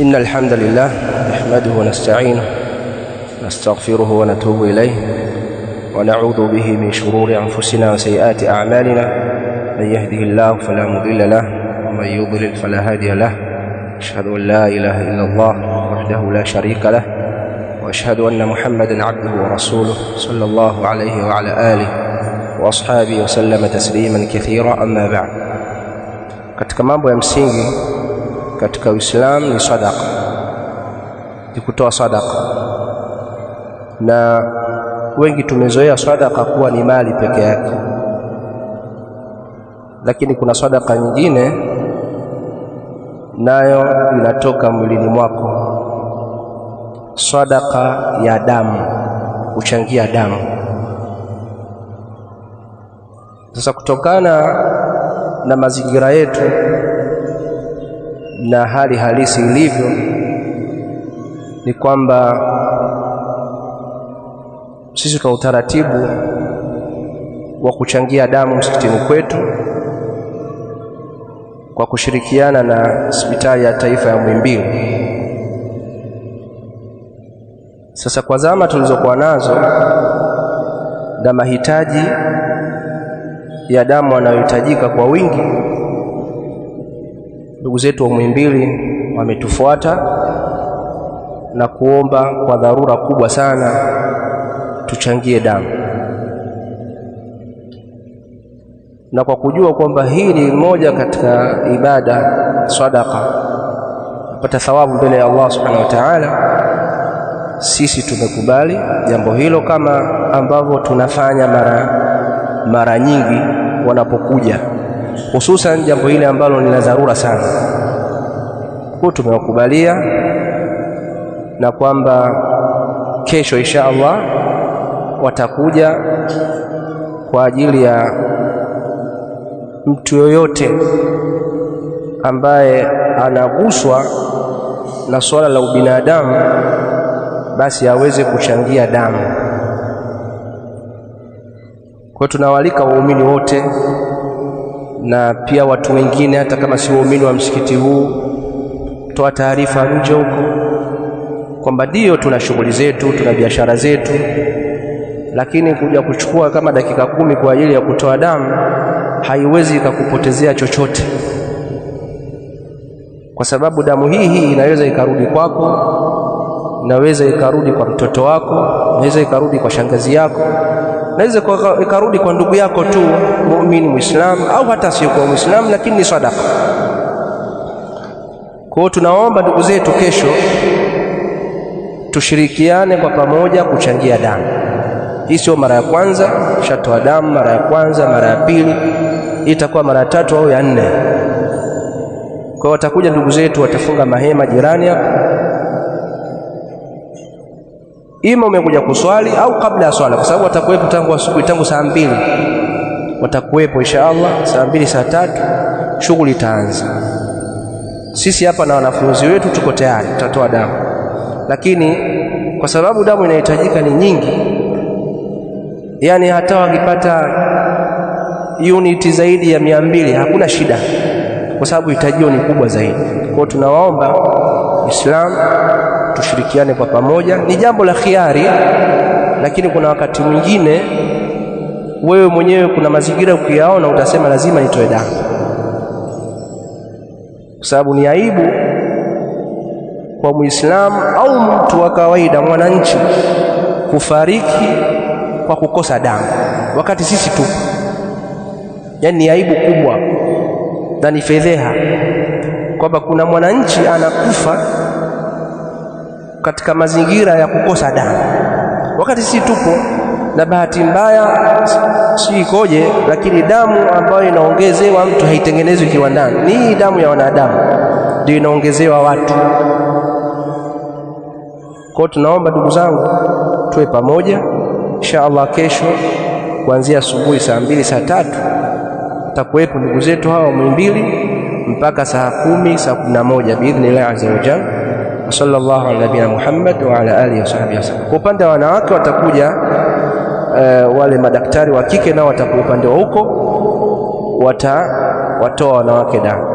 إن الحمد لله نحمده ونستعينه نستغفره ونتوب إليه ونعوذ به من شرور أنفسنا وسيئات أعمالنا من يهده الله فلا مضل له ومن يضلل فلا هادي له أشهد أن لا إله إلا الله وحده لا شريك له وأشهد أن محمدا عبده ورسوله صلى الله عليه وعلى آله وأصحابه وسلم تسليما كثيرا أما بعد katika mambo ya msingi katika Uislamu ni sadaqa, ni kutoa sadaqa, na wengi tumezoea sadaqa kuwa ni mali peke yake, lakini kuna sadaqa nyingine nayo inatoka mwilini mwako, sadaqa ya damu, kuchangia damu. Sasa kutokana na mazingira yetu na hali halisi ilivyo ni kwamba sisi tuna utaratibu wa kuchangia damu msikitini kwetu kwa kushirikiana na hospitali ya taifa ya Muhimbili. Sasa kwa zama tulizokuwa nazo na mahitaji ya damu wanayohitajika kwa wingi ndugu zetu wa Muhimbili wametufuata na kuomba kwa dharura kubwa sana tuchangie damu, na kwa kujua kwamba hii ni moja katika ibada sadaka pata thawabu mbele ya Allah subhanahu wa ta'ala, sisi tumekubali jambo hilo, kama ambavyo tunafanya mara mara nyingi wanapokuja hususan jambo hili ambalo ni la dharura sana, huu tumewakubalia na kwamba kesho insha Allah watakuja kwa ajili ya mtu yoyote ambaye anaguswa na suala la ubinadamu, basi aweze kuchangia damu. Kwa hiyo waumini wote na pia watu wengine hata kama si waumini wa msikiti huu, toa taarifa nje huko kwamba ndio tuna shughuli zetu, tuna biashara zetu, lakini kuja kuchukua kama dakika kumi kwa ajili ya kutoa damu haiwezi ikakupotezea chochote, kwa sababu damu hii hii inaweza ikarudi kwako inaweza ikarudi kwa mtoto wako, inaweza ikarudi kwa shangazi yako, inaweza ikarudi kwa ndugu yako tu muumini Muislamu au hata asiyekuwa Muislamu, lakini ni sadaka. Kwa hiyo tunaomba ndugu zetu, kesho tushirikiane kwa pamoja kuchangia damu. Hii sio mara ya kwanza, shatoa damu mara ya kwanza, mara ya pili, itakuwa mara ya tatu au ya nne. Kwa hiyo watakuja ndugu zetu, watafunga mahema jirani hapo ima umekuja kuswali au kabla ya swala, kwa sababu watakuwepo tangu asubuhi, tangu saa mbili watakuwepo insha Allah. Saa mbili saa tatu shughuli itaanza. Sisi hapa na wanafunzi wetu tuko tayari, tutatoa damu, lakini kwa sababu damu inahitajika ni nyingi, yaani hata wakipata uniti zaidi ya mia mbili hakuna shida, kwa sababu hitajio ni kubwa zaidi. Kwa hiyo tunawaomba Uislamu, tushirikiane kwa pamoja. Ni jambo la khiari, lakini kuna wakati mwingine wewe mwenyewe kuna mazingira ukiyaona utasema lazima nitoe damu, kwa sababu ni aibu kwa Muislamu au mtu wa kawaida mwananchi kufariki kwa kukosa damu wakati sisi tupo. Yaani ni aibu kubwa na ni fedheha kwamba kuna mwananchi anakufa katika mazingira ya kukosa damu, wakati si tupo na bahati mbaya si ikoje, lakini damu ambayo inaongezewa mtu haitengenezwi kiwandani, ni hii damu ya wanadamu ndio inaongezewa watu. Kwa tunaomba ndugu zangu, tuwe pamoja insha Allah. Kesho kuanzia asubuhi saa mbili saa tatu takuwepo ndugu zetu hawa Muhimbili mpaka saa kumi saa kumi na moja biidhnillahi azza wajalla sallallahu ala nabiyina Muhammad wa ala alihi sahbihi wasallam. Kwa upande wa wanawake watakuja uh, wale madaktari wa kike nao watakuwa upande wa huko watawatoa wanawake damu